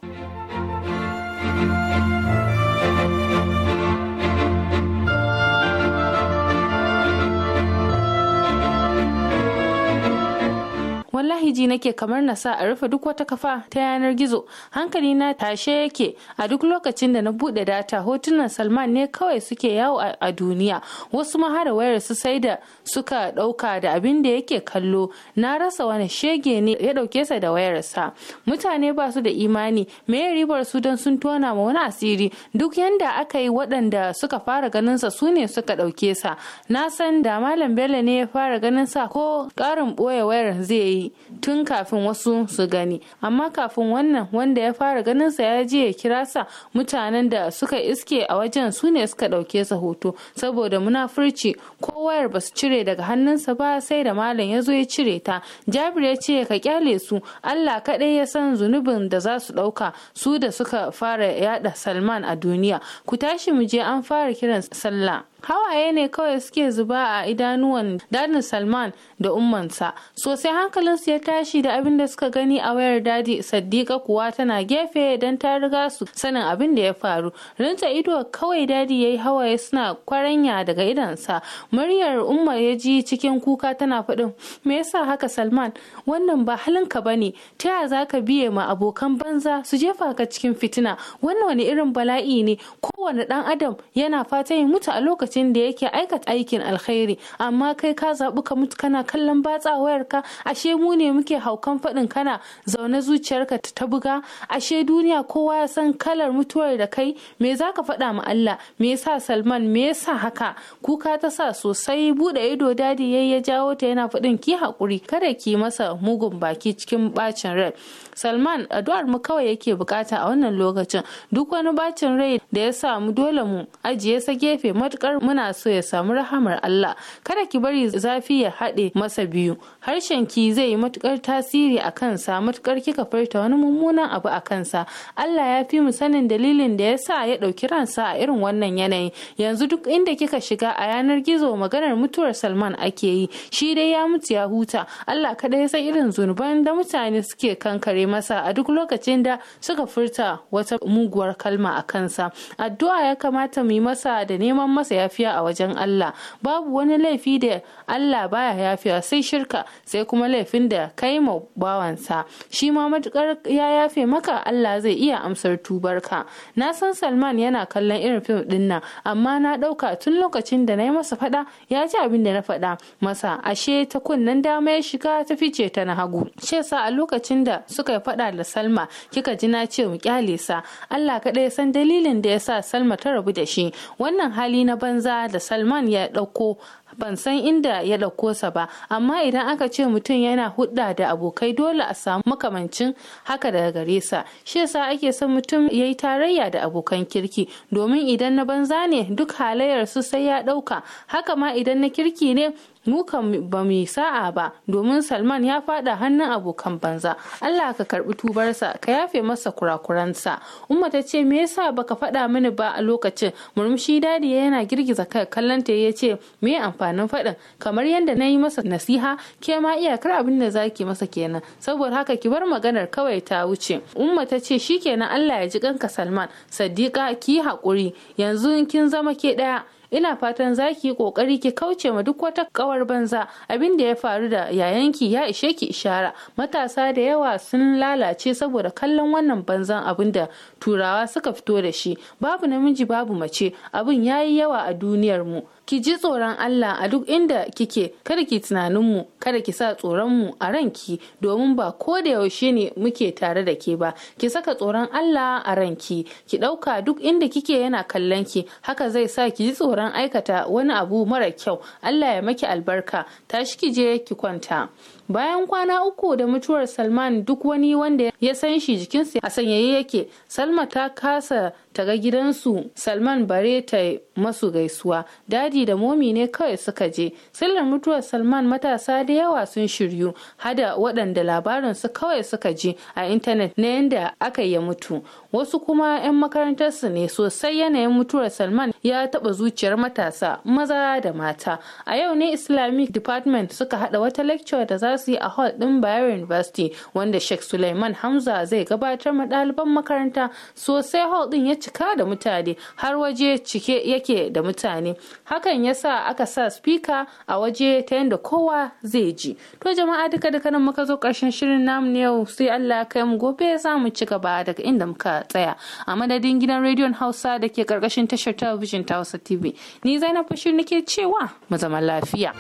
wallahi ji nake kamar na sa a rufe duk wata kafa ta yanar gizo hankali na tashe yake a duk lokacin da na bude data hotunan salman ne kawai suke yawo a duniya wasu ma har wayar su sai da suka dauka da abin da yake kallo na rasa wani shege ne ya dauke sa da sa mutane ba su da imani me ribar su dan sun tona ma wani asiri duk yanda aka yi waɗanda suka fara ganin sa su ne suka dauke sa na san da malam bello ne ya fara ganin sa ko karin boye wayar zai yi tun kafin wasu su gani amma kafin wannan wanda ya fara ganin sa ya je ya kira sa mutanen da suka iske a wajen su ne suka ɗauke sa hoto saboda munafurci ko wayar ba su cire daga hannunsa ba sai da malam ya zo ya cire ta jabir ya ce ka kyale su allah kaɗai ya san zunubin da za su ɗauka su da suka fara yada salman a duniya ku tashi mu je an fara kiran sallah hawaye ne kawai suke zuba a idanuwan dadin salman da ummansa sosai hankalinsu ya tashi da abin da suka gani a wayar dadi saddiqa kuwa tana gefe don ta riga su sanin abin da ya faru rinta ido kawai dadi ya yi hawaye suna kwaranya daga idansa muryar umma ya ji cikin kuka tana faɗin me yasa haka salman wannan ba halinka ba ne ta yaya za ka biye ma abokan banza su jefa ka cikin fitina wannan wani irin bala'i ne kowane ɗan adam yana fata ya mutu a lokacin lokacin da yake aikata aikin alkhairi amma kai ka zaɓi ka mutu kana kallon batsa wayarka ashe mu ne muke haukan faɗin kana zaune zuciyarka ta buga ashe duniya kowa ya san kalar mutuwar da kai me za ka faɗa ma Allah me yasa Salman me yasa haka kuka ta sa sosai buɗe ido dadi yayi ya jawo ta yana faɗin ki haƙuri kada ki masa mugun baki cikin bacin rai salman addu'ar mu kawai yake bukata a wannan lokacin duk wani bacin rai da ya samu dole mu ajiye sa gefe matukar muna so ya samu rahamar allah kada ki bari zafi ya haɗe masa biyu harshen ki zai yi matukar tasiri a kansa matukar kika furta wani mummunan abu a kansa allah ya fi mu sanin dalilin da ya sa ya ɗauki ransa a irin wannan yanayi yanzu duk inda kika shiga a yanar gizo maganar mutuwar salman ake yi shi dai ya mutu ya huta allah kada ya san irin zunuban da mutane suke kankare masa a duk lokacin da suka furta wata muguwar kalma a kansa addu'a ya kamata mu yi masa da neman masa yafiya a wajen Allah babu wani laifi da Allah baya yafiya sai shirka sai kuma laifin da kai ma bawansa shi ma matukar ya yafe maka Allah zai iya amsar tubarka na san Salman yana kallon irin fim din nan amma na ɗauka tun lokacin da na yi masa faɗa ya ji abin da na faɗa masa ashe ta kunnen dama ya shiga ta fice ta na hagu shi sa a lokacin da suka suka faɗa da Salma kika ji na ce mu kyale sa Allah kaɗai san dalilin da ya sa Salma ta rabu da shi wannan hali na banza da Salman ya ɗauko ban san inda ya ɗauko sa ba amma idan aka ce mutum yana hudda da abokai dole a samu makamancin haka daga gare sa shi yasa ake son mutum ya yi tarayya da abokan kirki domin idan na banza ne duk halayyar su sai ya ɗauka haka ma idan na kirki ne mu kan ba mu sa'a ba domin salman ya fada hannun abokan banza allah ka karbi tubarsa ka yafe masa kurakuransa umma ta ce me yasa baka faɗa mini ba a lokacin murmushi dadi yana girgiza kai Kallon ta ya ce me amfanin faɗin kamar yadda na yi masa nasiha ke ma iyakar abin da zaki masa kenan saboda haka ki bar maganar kawai ta wuce umma ta ce shikenan allah ya ji kanka salman sadiqa ki haƙuri yanzu kin zama ke ɗaya ina fatan za ki yi kokari ki kauce ma duk wata kawar banza abin da ya faru da yayanki ya ishe ki ishara matasa da yawa sun lalace saboda kallon wannan banzan abin da turawa suka fito da shi babu namiji babu mace abin ya yi yawa a duniyar mu ki ji tsoron Allah a duk inda kike kada ki tunanin mu kada ki sa tsoron mu a ranki domin ba ko da yaushe ne muke tare da ke ba ki saka tsoron Allah a ranki ki dauka duk inda kike yana kallon ki haka zai sa ki ji tsoron aikata wani abu mara kyau Allah ya maki albarka tashi ki je ki kwanta bayan kwana uku da mutuwar salman duk wani wanda ya san shi jikinsa a sanyaye yake salma ta kasa ta ga gidansu salman bare ta masu gaisuwa dadi da momi ne kawai suka je sallar mutuwar salman matasa da yawa sun shiryu hada waɗanda labarin su kawai suka je a intanet na yadda aka ya mutu wasu kuma 'yan makarantarsu ne sosai yanayin mutuwar salman ya taba zuciyar matasa maza da mata a yau ne islamic department suka hada wata lecture da za su a hall ɗin Bayero University wanda Sheikh Suleiman Hamza zai gabatar ma ɗaliban makaranta sosai hall ɗin ya cika da mutane har waje cike yake da mutane. Hakan ya sa aka sa speaker a waje ta yadda kowa zai ji. To jama'a duka duka nan muka zo ƙarshen shirin namu ne yau sai Allah ya kai mu gobe za mu ci gaba daga inda muka tsaya. A madadin gidan rediyon Hausa da ke ƙarƙashin tashar talabijin ta Hausa TV. Ni Zainab Bashir nake cewa mu zama lafiya.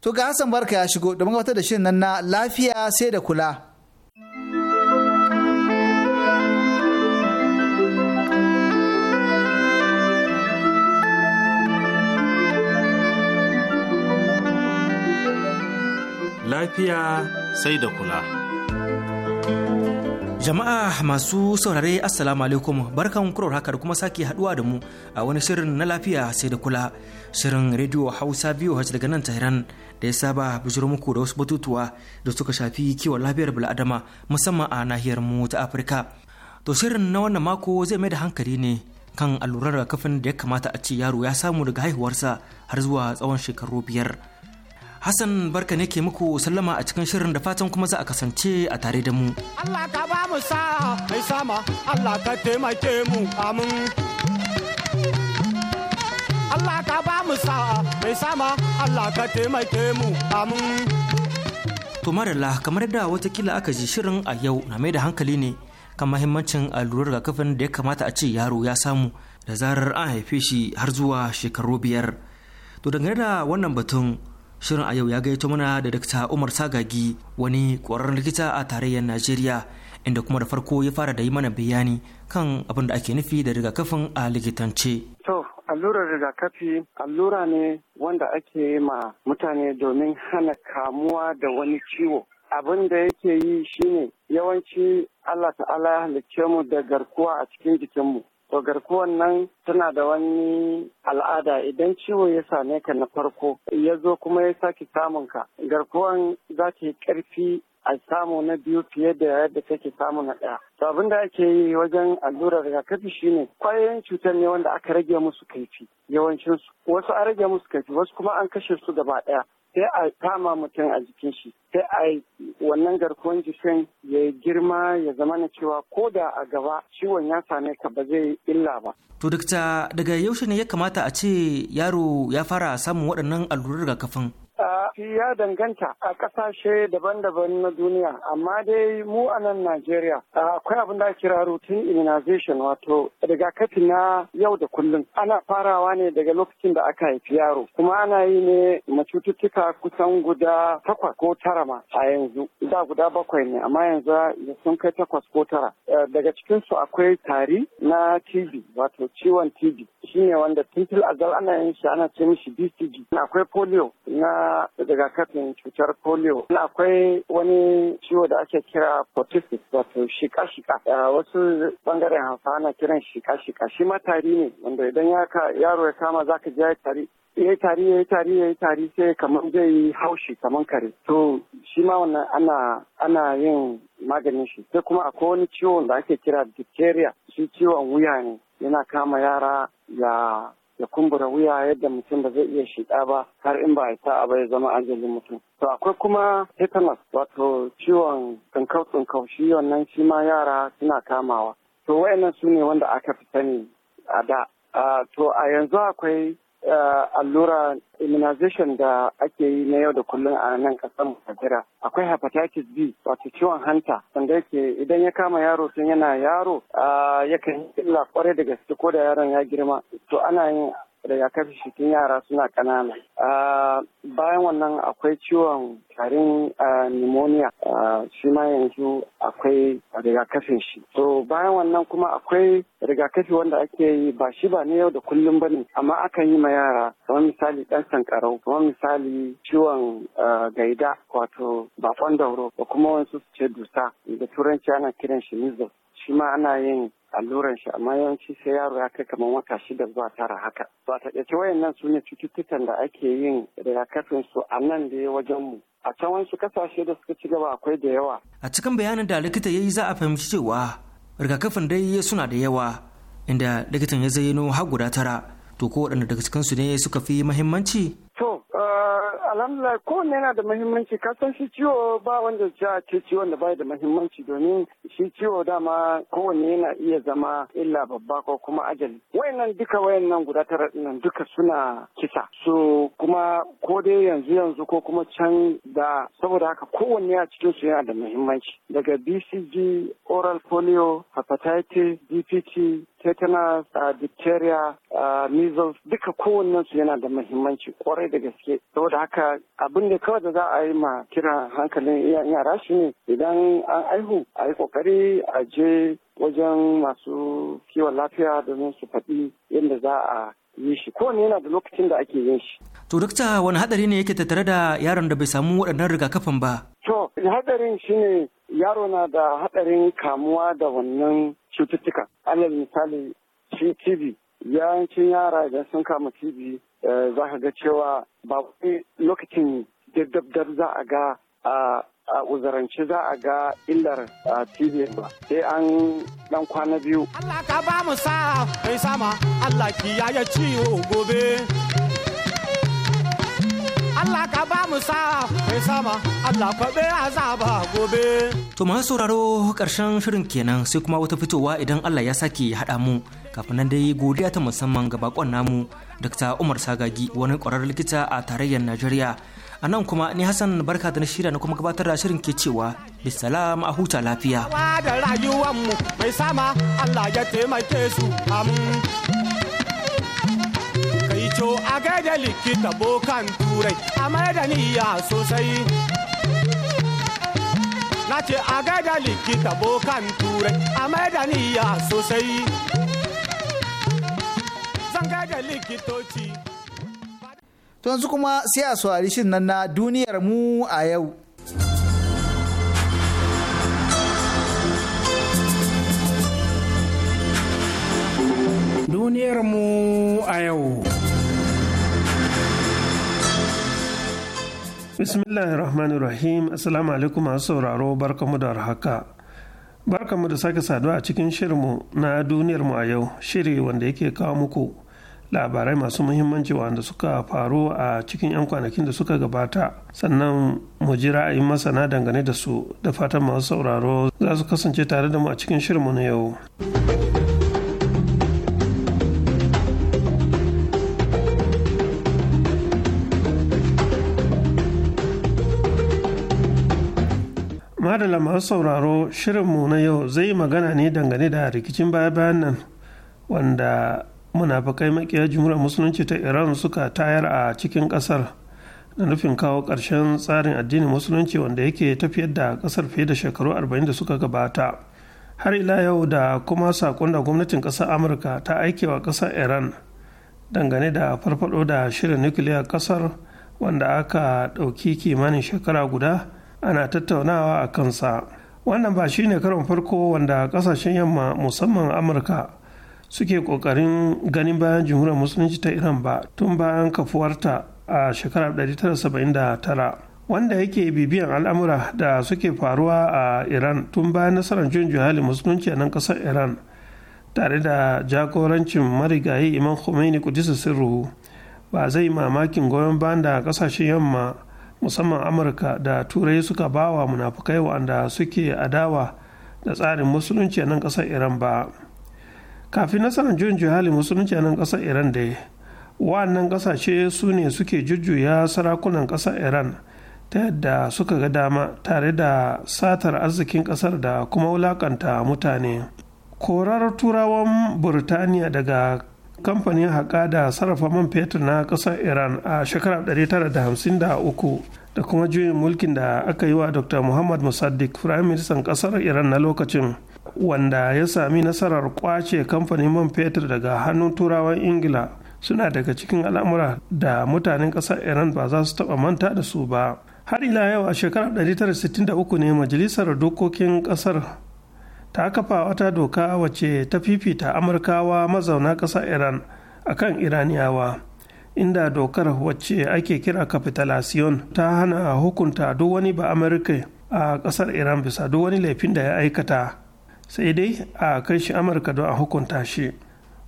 To ga Hassan Barka ya shigo domin wata da shirin nan na lafiya sai da kula.
Lafiya sai da kula. Jama'a masu saurare Assalamu alaikum barkan kurar haka da kuma sake haduwa da mu a wani shirin na lafiya sai da kula shirin rediyo Hausa biyu hajji daga nan Tehran da ya saba bijiro muku da wasu batutuwa da suka shafi kiwon lafiyar bil'adama musamman a nahiyar mu ta Afirka. To shirin na wannan mako zai mai da hankali ne kan allurar kafin da ya kamata a ce yaro ya samu daga haihuwarsa har zuwa tsawon shekaru biyar. Hassan barka ne ke muku sallama a cikin shirin da fatan kuma za a kasance a tare da mu.
Allah ka ba mu sa'a mai sama Allah ka taimake mu amin. Allah ka ba mu sa'a
mai sama Allah ka taimake mu amin. To marilla kamar da watakila aka ji shirin a yau na mai da hankali ne kan mahimmancin allurar rigakafin da ya kamata a ce yaro ya samu da zarar an haife shi har zuwa shekaru biyar. To dangane da wannan batun Shirin a yau ya gaito mana da Dr. Umar Sagagi wani ƙwararren likita a tarayyar Najeriya inda kuma da farko ya fara da yi mana bayani kan abin da ake nufi da rigakafin a likitance.
To, allurar rigakafi allura ne wanda ake yi ma mutane domin hana kamuwa da wani ciwo. Abin da yake yi shine yawanci Allah ta'ala halicce mu da garkuwa a cikin jikinmu. to garkuwan nan tana da wani al'ada idan ciwo ya same ka na farko ya zo kuma ya sake samun ka garkuwan za ta yi ƙarfi a samu na biyu fiye da yadda take samu na ɗaya. To abin da ake yi wajen allurar rigakafi shine kwayoyin cutar ne wanda aka rage musu kaifi yawancinsu. Wasu an rage musu kaifi wasu kuma an kashe su gaba ɗaya. sai a kama mutum a jikin shi sai a wannan garkuwan jikin ya girma ya zama na cewa ko da a gaba ciwon ya same ka ba zai illa ba.
To dakta daga yaushe ne ya kamata a ce yaro ya fara samun waɗannan allurar rigakafin?
ya danganta a ƙasashe daban-daban na duniya amma dai mu a nan Najeriya akwai abin da kira routine immunization wato rigakafi na yau da kullum ana farawa ne daga lokacin da aka haifi yaro kuma ana yi ne ma cututtuka kusan guda takwas ko tara ma a yanzu da guda bakwai ne amma yanzu sun kai takwas ko tara eh, daga cikin su akwai tari na TB wato ciwon TB shine wanda tuntun azal ana yin shi ana ce mishi BCG akwai polio na rigakafin cutar polio akwai wani ciwo da ake kira potitis wato shika-shika wasu bangaren hausa ana kiran shika-shika shi ma tari ne wanda idan yaro ya kama za ji ya tari ya tari ya yi tari ya tari sai kamar zai yi haushi kamar kare to shi ma wannan ana ana yin maganin shi sai kuma akwai wani ciwon da ake kira diphtheria shi ciwon wuya ne yana kama yara ya ya kumbura wuya yadda mutum ba zai iya shiga ba har in ba a ba ya zama ajiyar mutum. To akwai kuma tetanus wato ciwon tsinkau tsinkau shi wannan shi ma yara suna kamawa. To wayannan su ne wanda aka fi sani a da. To a yanzu akwai Eh, allura immunization da ake yi na yau da kullum a nan kasar Najeriya akwai hepatitis B wato ciwon hanta wanda yake idan ya kama yaro tun yana yaro eh, yakan illa kwarai da gaske ko da yaron ya girma to ana yin rigakafi shikin yara suna ƙanana. Bayan wannan akwai ciwon tarin pneumonia shi ma yanzu akwai rigakafin shi. To bayan wannan kuma akwai rigakafi wanda ake yi ba shi ba ne yau da kullum ba ne amma akan yi ma yara kamar misali ɗan sankarau kamar misali ciwon gaida wato bakon dauro da kuma wasu ce dusa da turanci ana kiran shi shi ma ana yin alluran shi amma yawanci sai yaro ya kai kamar wata shida zuwa tara haka. To a taƙaice wayannan su ne cututtukan da ake yin rigakafin su a nan da wajen mu. A can wasu kasashe da suka ci gaba akwai da yawa.
A cikin bayanin da likita ya yi za a fahimci cewa rigakafin dai suna da yawa inda likitan ya zayyano har guda tara. To ko waɗanda daga cikin su ne suka fi muhimmanci?
To alhamdulillah kowanne yana da muhimmanci kasan san shi ciwo ba wanda ja ce ciwon da bai da muhimmanci domin shi ciwo dama kowanne yana iya zama illa babba ko kuma ajali. Wayannan duka wayannan guda tara dinnan duka suna kisa. So kuma ko dai yanzu yanzu ko kuma can da saboda haka kowanne a cikin su yana da muhimmanci daga BCG, oral polio, hepatitis, DPT, tetanus uh, diphtheria uh, measles duka kowannen su yana da muhimmanci kwarai da gaske saboda haka abin da kawai da za a yi ma kira hankalin yara shi ne idan an aihu a yi kokari a je wajen masu kiwon lafiya domin su faɗi yadda za a yi shi kowane yana da lokacin da ake yin shi.
To dokta wani hadari ne yake tattare da yaron da bai samu waɗannan rigakafin ba?
To hadarin shine yaro na da haɗarin kamuwa da wannan cututtuka alal misali shi tv yawancin yara idan sun kama tv eh, za ka ga cewa ba lokacin daddabdar za a ga a uzarance za a ga illar tv ba sai an dan kwana biyu Allah ka ba mu sa sama Allah kiyaye ciwo gobe Allah ka ba mu sa mai sama Allah kwaɓe azaba gobe.
To masu sauraro ƙarshen shirin kenan sai kuma wata fitowa idan Allah ya sake haɗa mu kafin nan dai godiya ta musamman ga bakon namu Dr. Umar Sagagi wani ƙwararren likita a tarayyar Najeriya. A nan kuma ni Hassan barka da na shirya na kuma gabatar da shirin ke cewa bisalam a huta lafiya.
Wa da mu mai sama Allah ya taimake su amin. to a gaida likita bokan turai a mai da niyya sosai na ce a gaida likita bokan turai a mai da niyya sosai zan gaida likitoci
to yanzu kuma sai a saurari shin nan na duniyar mu a yau
mu a yau. rahim Assalamu alaikum masu sauraro barkamu da haka. Barkamu da sake saduwa a cikin shirinmu na duniyar mu a yau, shiri wanda yake kawo muku labarai masu muhimmanci wanda suka faru a cikin 'yan kwanakin da suka gabata. Sannan mu ji ra'ayin masana dangane da su da fatan masu sauraro za su kasance tare da mu a cikin shirinmu na yau. madala masu sauraro shirinmu na yau zai yi magana ne dangane da rikicin baya-bayan nan wanda munafakai makiya jimura musulunci ta iran suka tayar a cikin kasar da nufin kawo ƙarshen tsarin addinin musulunci wanda yake tafiyar da kasar fiye da shekaru 40 da suka gabata har ila yau da kuma sakon da gwamnatin ƙasar amurka ta aikewa ƙasar iran dangane da farfado da shirin nukiliyar ƙasar wanda aka ɗauki kimanin shekara guda ana tattaunawa a kansa wannan ba shine karon farko wanda kasashen yamma musamman amurka suke kokarin ganin bayan jamhuriyar musulunci ta iran ba tun bayan kafuwarta a shekarar 1979 wanda yake bibiyan al'amura da suke faruwa a iran tun bayan nasarar jin juhali musulunci a nan kasar iran tare da jagorancin marigayi imam khomeini kudisa sirruhu ba zai mamakin goyon bayan da kasashen yamma musamman amurka da turai suka bawa munafukai waɗanda suke adawa da tsarin musulunci a nan ƙasar iran ba kafin nasarar juyin juhali musulunci a nan ƙasar iran da wa'annan ƙasashe su ne suke jujjuya sarakunan ƙasar iran ta yadda suka ga dama tare da satar arzikin ƙasar da kuma wulaƙanta mutane korar turawan burtaniya daga kamfanin haƙa da sarrafa man fetur na ƙasar iran a shekarar 1953 da kuma juyin mulkin da aka yi wa dr muhammad musaddiq firayim ministan ƙasar iran na lokacin wanda ya sami nasarar kwace kamfanin man fetur daga hannun turawan ingila suna daga cikin al'amura da mutanen kasar iran ba za su taɓa manta da su ba har ila yau a shekarar 1963 ne majalisar dokokin ƙasar ta kafa wata doka wacce ta fifita amurkawa mazauna ƙasar iran akan iraniyawa inda dokar wacce ake kira capitulation ta hana hukunta duk wani ba amurka a ƙasar iran bisa duk wani laifin da ya aikata sai dai a kai shi amurka don a hukunta shi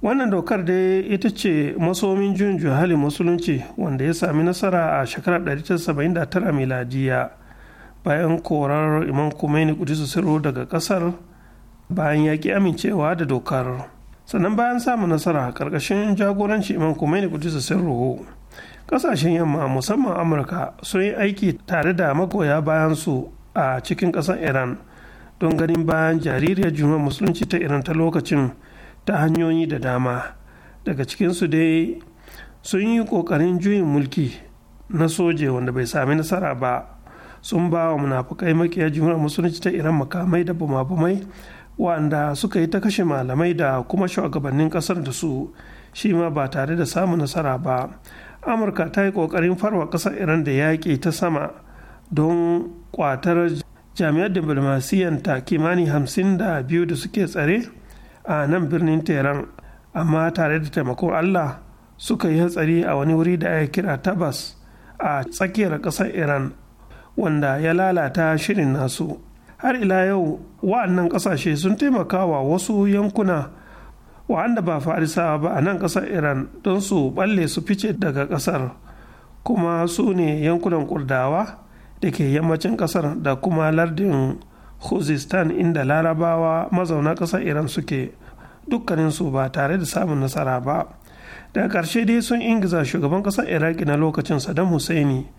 wannan dokar dai ita ce masomin juyin hali musulunci wanda ya sami nasara a shekarar 1979 miladiya bayan korar imam Khomeini kudisu sirro daga kasar bayan ya ki amincewa da dokar sannan bayan samun nasara ƙarƙashin jagoranci imam kumaini kudisa sirruhu kasashen yamma musamman amurka sun yi aiki tare da magoya bayan su a cikin ƙasar iran don ganin bayan jaririyar juma musulunci ta iran ta lokacin ta hanyoyi da dama daga cikinsu dai sun yi ƙoƙarin juyin mulki na soje wanda bai sami nasara ba sun ba wa munafukai makiya juma musulunci ta iran makamai da bumabumai wanda suka yi ta kashe malamai da kuma shugabannin kasar da su shi ma ba tare da samun nasara ba amurka ta yi kokarin farwa kasar iran da yaƙi ta sama don kwatar jami'ar diplomasiyan ta kimani hamsin da biyu da suke tsare a nan birnin tehran amma tare da taimakon allah suka yi hatsari a wani wuri da aka kira tabas a tsakiyar ƙasar iran wanda ya lalata shirin nasu har ila yau wa'annan kasashe sun taimaka wa wasu yankuna wa'anda ba farisawa ba a nan kasar iran don su balle su fice daga kasar kuma su ne yankunan kurdawa da ke yammacin kasar da kuma lardin khuzistan inda larabawa mazauna kasar iran suke dukkaninsu ba tare da samun nasara ba daga karshe dai sun ingiza shugaban kasar iraki na lokacin saddam husaini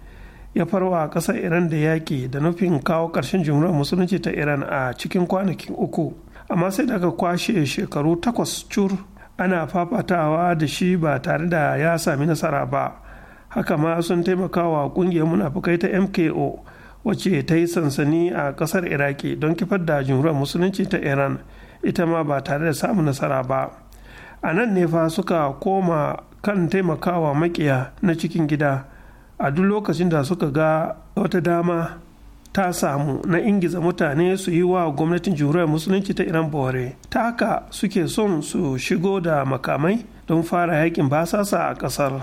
ya farwa ƙasar iran da yaƙi da nufin kawo ƙarshen jumhuriyar musulunci ta iran a cikin kwanakin uku amma sai daga kwashe shekaru takwas cur ana fafatawa da shi ba tare da ya sami nasara ba haka ma sun taimaka wa ƙungiyar munafukai ta mko wacce ta yi sansani a ƙasar iraki don kifar da jumhuriyar musulunci ta iran ita ma ba tare da samun nasara ba a nan ne fa suka koma kan taimakawa makiya na cikin gida a duk lokacin da suka ga wata dama ta samu na ingiza mutane su yi wa gwamnatin juriyar musulunci ta iran bore ta haka suke son su shigo da makamai don fara yakin basasa a kasar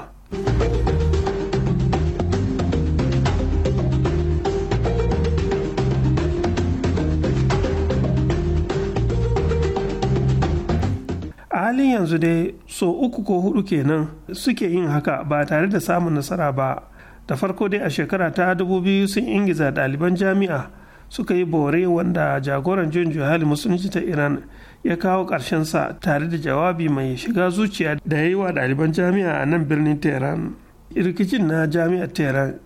halin yanzu dai so uku ko hudu kenan suke yin haka ba tare da samun nasara ba da farko dai a shekara ta 2000 sun ingiza ɗaliban jami'a suka yi bore wanda jagoran jin juhali musulunci ta iran ya kawo karshen sa tare da jawabi mai shiga zuciya da ya yi wa ɗaliban jami'a a nan birnin tehran rikicin na jami'ar tehran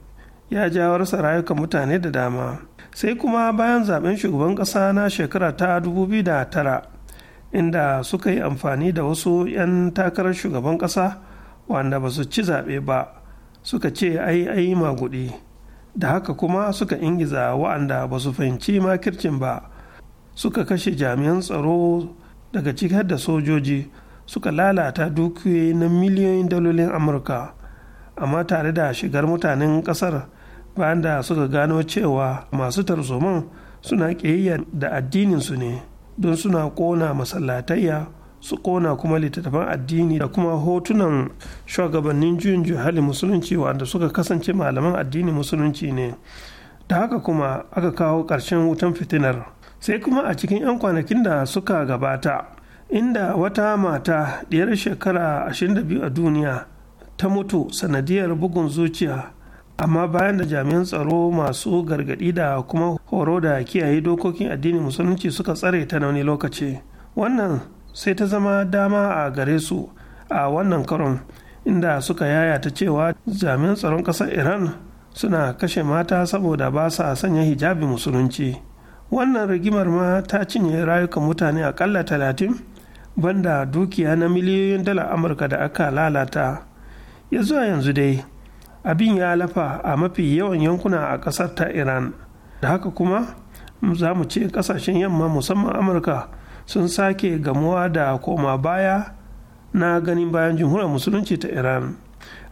ya jawo rasa rayuka mutane da dama sai kuma bayan zaben shugaban ƙasa na shekara ta tara inda suka yi amfani da wasu 'yan takarar shugaban ƙasa wanda ba su ci zaɓe ba suka ce ai ai maguɗi da haka kuma suka ingiza wa'anda ba su fahimci makircin ba suka kashe jami'an tsaro daga cikar da sojoji suka lalata dukiyoyi na miliyoyin dalolin amurka amma tare da shigar mutanen kasar bayan da suka gano cewa masu tarzoman suna ƙiyayya da addininsu ne don suna ƙona masallatayya su kona kuma littattafan addini da kuma hotunan shugabannin juyin juhali musulunci wanda suka kasance malaman addini musulunci ne da haka kuma aka kawo ƙarshen wutan fitinar sai kuma a cikin 'yan kwanakin da suka gabata inda wata mata ɗiyar shekara 22 a duniya ta mutu sanadiyar bugun zuciya amma bayan da jami'an tsaro masu gargaɗi da kuma horo da kiyaye dokokin addinin musulunci suka tsare ta na wani lokaci wannan sai ta zama dama a gare su a wannan karon inda suka yayata cewa jami'an tsaron ƙasar iran suna kashe mata saboda ba sa sanya hijabi musulunci wannan rigimar ma ta cinye rayuka mutane akalla talatin banda dukiya na miliyoyin dala amurka da aka lalata ya zuwa yanzu dai abin ya lafa a mafi yawan yankuna a ƙasar ta iran da haka kuma za mu ce ƙasashen yamma musamman amurka sun sake gamuwa da koma baya na ganin bayan jamhuriyar musulunci ta iran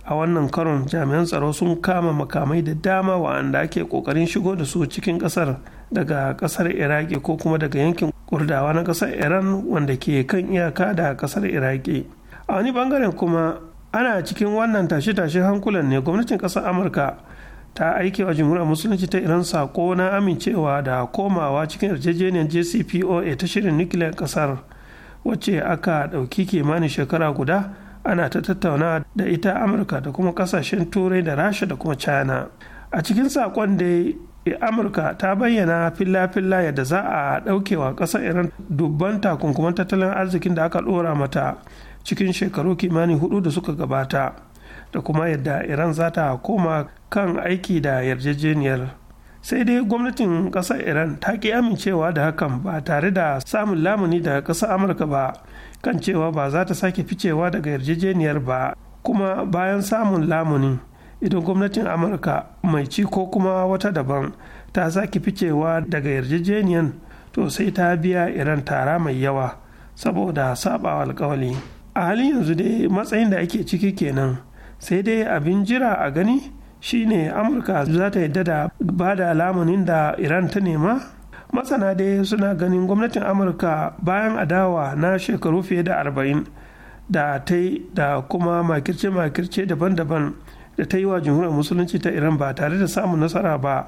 a wannan karon jami'an tsaro sun kama makamai da dama wa'anda ake kokarin shigo da su cikin kasar daga kasar iraki ko kuma daga yankin kurdawa na kasar iran wanda ke kan iyaka da kasar iraki a wani bangaren kuma ana cikin wannan tashe-tashe hankulan ne gwamnatin kasar amurka ta aike wa jamhuriyar musulunci ta iran sako na amincewa da komawa cikin yarjejeniyar jcpoa ta shirin nukiliyar kasar wacce aka ɗauki kimanin shekara guda ana ta tattauna da ita amurka da kuma kasashen turai da rasha da kuma china a cikin sakon da amurka ta bayyana filla-filla yadda za a ɗaukewa ƙasar iran dubban takunkuman tattalin arzikin da aka ɗora mata cikin shekaru kimanin hudu da suka gabata da kuma yadda iran za ta koma kan aiki da yarjejeniyar sai dai gwamnatin ƙasar iran ta ki amincewa da hakan ba tare da samun lamuni daga ƙasar amurka ba kan cewa ba za ta sake ficewa daga yarjejeniyar ba kuma bayan samun lamuni idan gwamnatin amurka mai ci ko kuma wata daban ta sake ficewa daga yarjejeniyar to sai ta biya iran tara mai yawa saboda sabawa alkawali a halin yanzu dai matsayin da ake ciki kenan sai dai abin jira a gani shine amurka za ta yadda da ba da alamunin da iran ta nema masana dai suna ganin gwamnatin amurka bayan adawa na shekaru fiye da arba'in da ta yi da kuma makirce-makirce daban-daban da ta yi wa jamhuriyar musulunci ta iran ba tare da samun nasara ba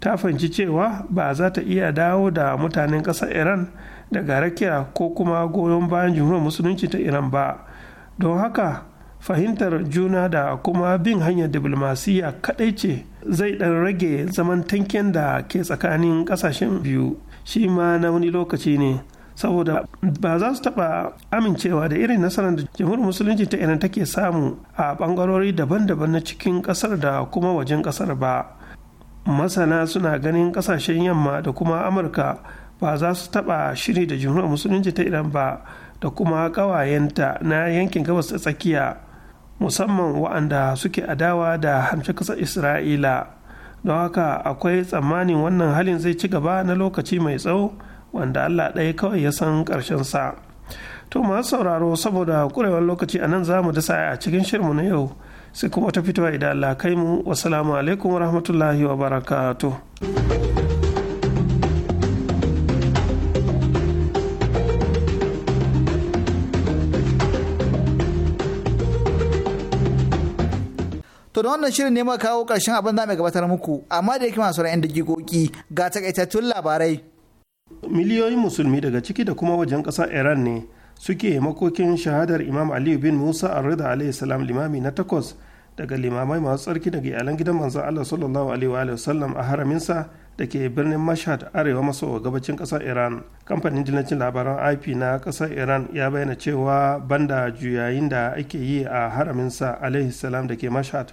ta fahimci cewa ba za ta iya dawo da mutanen ƙasar iran daga rakiya ko kuma goyon bayan jamhuriyar musulunci ta iran ba don haka fahimtar juna da kuma bin hanyar diplomasiya kaɗai ce zai ɗan rage zaman tanken da ke tsakanin ƙasashen biyu shi ma na wani lokaci ne saboda ba za su taɓa amincewa da irin nasarar da jamhuriyar musulunci ta iran take samu a ɓangarori daban-daban na cikin ƙasar da kuma wajen ƙasar ba masana suna ganin ƙasashen yamma da kuma amurka ba za su taɓa shiri da jamhuriyar musulunci ta iran ba da kuma ƙawayenta na yankin gabas ta tsakiya musamman waɗanda suke adawa da hanfi ƙasar isra'ila don haka akwai tsammanin wannan halin zai ci gaba na lokaci mai tsawo wanda allah ɗaya kawai ya san ƙarshen sa to masu sauraro saboda ƙurewar lokaci a nan za mu dasa a cikin shirmu na yau sai kuma ta fitowa idan allah kai mu wasalamu alaikum wa wabarakatuh
to da wannan shirin ne muka kawo ƙarshen abin da mai gabatar muku amma da yake masu ra'ayin gigoki ga takaitattun labarai
miliyoyin musulmi daga ciki da kuma wajen ƙasar iran ne suke makokin shahadar imam aliyu bin musa al-Rida alayhi salam limami na takwas daga limamai masu tsarki daga iyalan gidan manzon Allah sallallahu alaihi wa sallam a haraminsa da ke birnin Mashhad arewa maso gabacin ƙasar Iran. Kamfanin dillacin labaran IP na ƙasar Iran ya bayyana cewa banda juyayin da ake yi a haraminsa alaihi salam da ke Mashhad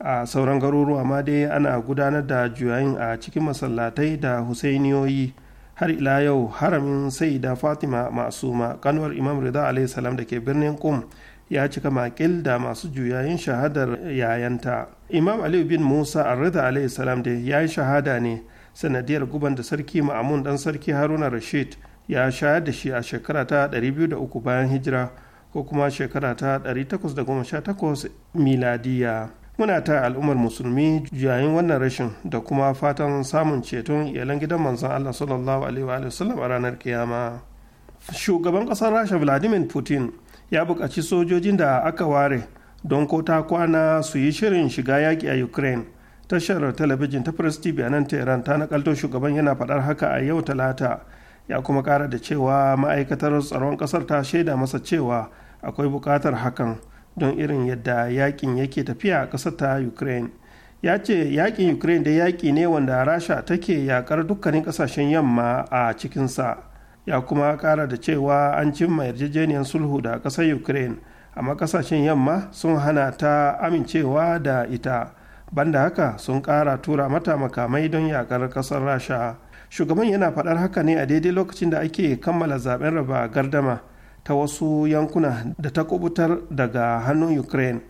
a sauran garuruwa ma dai ana gudanar da juyayin a cikin masallatai da husainiyoyi har ila yau haramin sai fatima masuma kanwar imam rida alaihi salam da ke birnin kum ya cika makil da masu juyayin shahadar yayanta imam aliyu bin musa arrida alaihi salam da ya yi shahada ne sanadiyar guban da sarki ma'amun dan sarki haruna rashid ya shayar da shi a shekara ta 203 bayan hijira ko kuma shekara ta 818 miladiya muna ta al'ummar musulmi yayin wannan rashin da kuma fatan samun ceton iyalan gidan manzon Allah sallallahu alaihi wa sallam a ranar kiyama shugaban kasar rasha vladimir putin ya buƙaci sojojin da aka ware don ko ta kwana su yi shirin shiga yaƙi a ukraine tashar talabijin ta press tv a nan tehran ta nakalto shugaban yana faɗar haka a yau talata ya kuma ƙara da cewa ma'aikatar tsaron ƙasar ta shaida masa cewa akwai buƙatar hakan don irin yadda yaƙin yake tafiya a ƙasar ta ukraine ya ce yaƙin ukraine da yaƙi ne wanda rasha take yaƙar dukkanin ƙasashen yamma a cikinsa ya kuma kara da cewa an cimma yarjejeniyar sulhu da kasar ukraine amma kasashen yamma sun hana ta amincewa da ita banda haka sun kara tura mata makamai don yakar kasar rasha shugaban yana faɗar haka ne a daidai lokacin da ake kammala zaben raba gardama ta wasu yankuna da ta kubutar daga hannun ukraine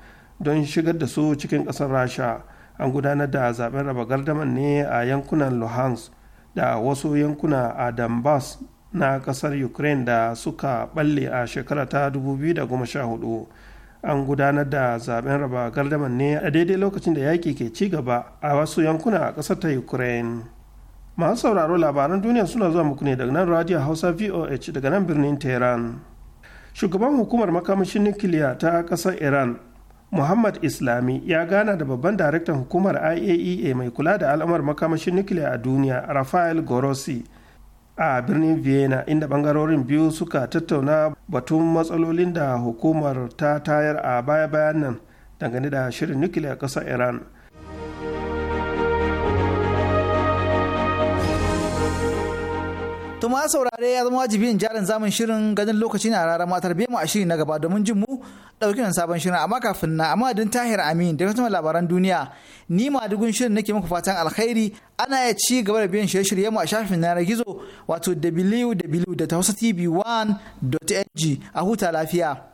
don shigar da su cikin kasar rasha an gudanar da zaben raba gardaman ne a yankunan luhansk da wasu yankuna a donbass na kasar ukraine da suka balle a shekara ta 2014 an gudanar da zaben raba gardaman ne a daidai lokacin da yaƙi ke ci gaba a wasu yankuna a ƙasar ta ukraine masu sauraro labaran duniya suna zuwa muku ne daga nan radio hausa voh daga nan birnin tehran shugaban hukumar makamashin nukiliya ta ƙasar iran muhammad islami ya gana da babban daraktan hukumar iaea e mai kula da al'amar makamashin nukiliya a duniya rafael gorosi a birnin vienna inda bangarorin biyu suka tattauna batun matsalolin da hukumar ta tayar a baya-bayan nan dangane da shirin nukiliyar ƙasar iran
To ma saurare ya zama wajibi in jarin zamun shirin ganin lokaci na rara matar biyu mu a shiri na gaba domin jin mu ɗauki wani sabon shirin amma kafin na amma din tahir amin da kuma labaran duniya ni ma dugun shirin nake muku fatan alkhairi ana ya ci gaba da biyan shirye-shirye mu a shafin na gizo wato www.hausatv1.ng a huta lafiya.